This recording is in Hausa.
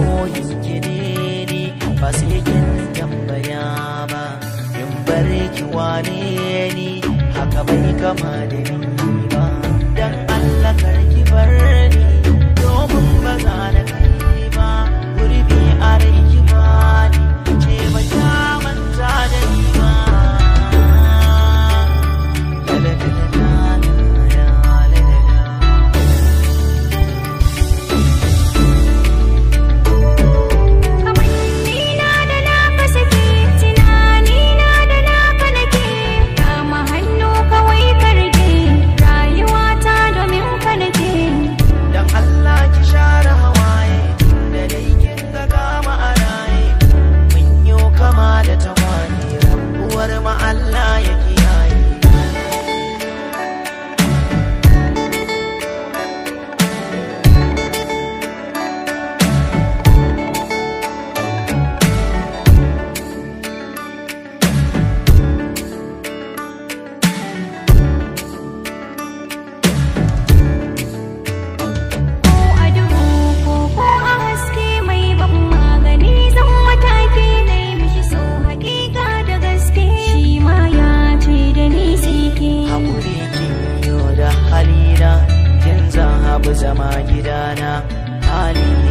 koyin ne ba sai kin tambaya ba in bar ki wane ni haka bai kama da ni body.